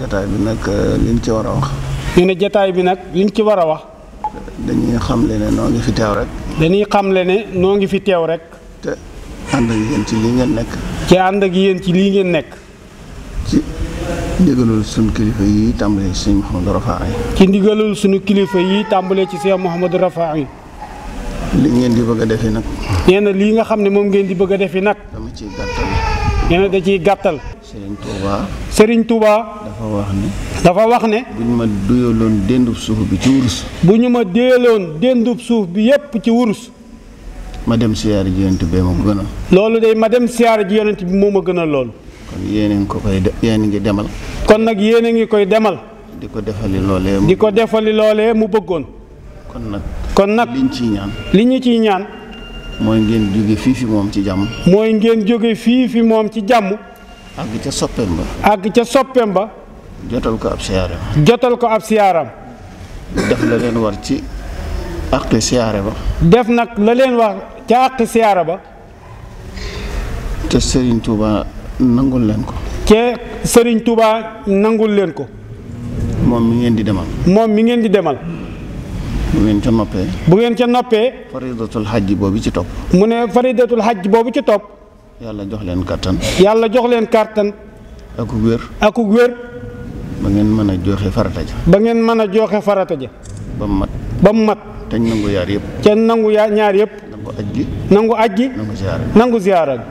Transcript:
jataay bi nag euh, liñ ci war a wax. nee na jataay bi nag liñ ci war a wax. dañuy xamle ne noo ngi fi teew rek. dañuy xamle ne noo ngi fi teew rek. te ànd ak ci ngeen nekk. ci ànd ak yéen ci lii ngeen nekk. ci ndigalul sunu kilifa yi tàmbalee ci Sëñ Mouhamadou Rafaay. ci kilifa yi tàmbalee ci Sëñ Mouhamadou Rafaay. li ngeen di bëgg a defee nag. nee lii nga xam ne moom ngeen di bëgg a defee nag. dama ciy gàttal. nee na da ciy gàttal. Serigne Touba Serigne Touba dafa wax ne dafa wax ne buñ ma duyaloon dendub suuf bi ci wurs buñu ma deeloon dendub suuf bi yep ci wurs ma dem siar ji yonent be moom gëna lolou day ma dem siar ji yonent bi kon yene ngi ko koy yene ngi demal kon nag yene ngi koy demal diko defali lolé diko defali lolé mu bëggoon kon nak kon nak liñ ci ñaan liñ ci ñaan moy ngeen jóge fi fi mom ci jamm moy ngeen fi fi mom ci jamm àgg ca soppeem ba. àgg ca soppeem ba. jotal ko ab siyaaram. jotal ko ab siyaaram. def la leen war ci àqi siyaare ba. def nag la leen war ca àqi siyaare ba. te sëriñ Touba nangul leen ko. te Serigne Touba nangul leen ko. moom mu ngeen di demal. moom mi ngeen di demal. bu ngeen ca noppee. bu ngeen ca noppee. faridatul xajj boobu ci topp. mu ne faridatul xajj boobu ci topp. yàlla jox leen kàttan yàlla jox leen kartan aku wér aku wér ba ngeen mën a joxe farata ja ba ngeen mën a joxe farata ja ba mu mat ba mu mat te nangu yaar yëpp te nangu yaa ñaar yëpp nangu aj gi nangu aj gi nangu ziyaara nangu ziyaara